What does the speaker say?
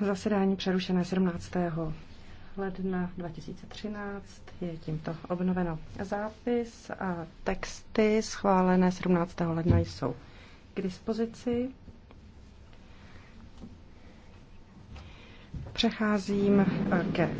Zasedání přerušené 17. ledna 2013 je tímto obnoveno. Zápis a texty schválené 17. ledna jsou k dispozici. Přecházím ke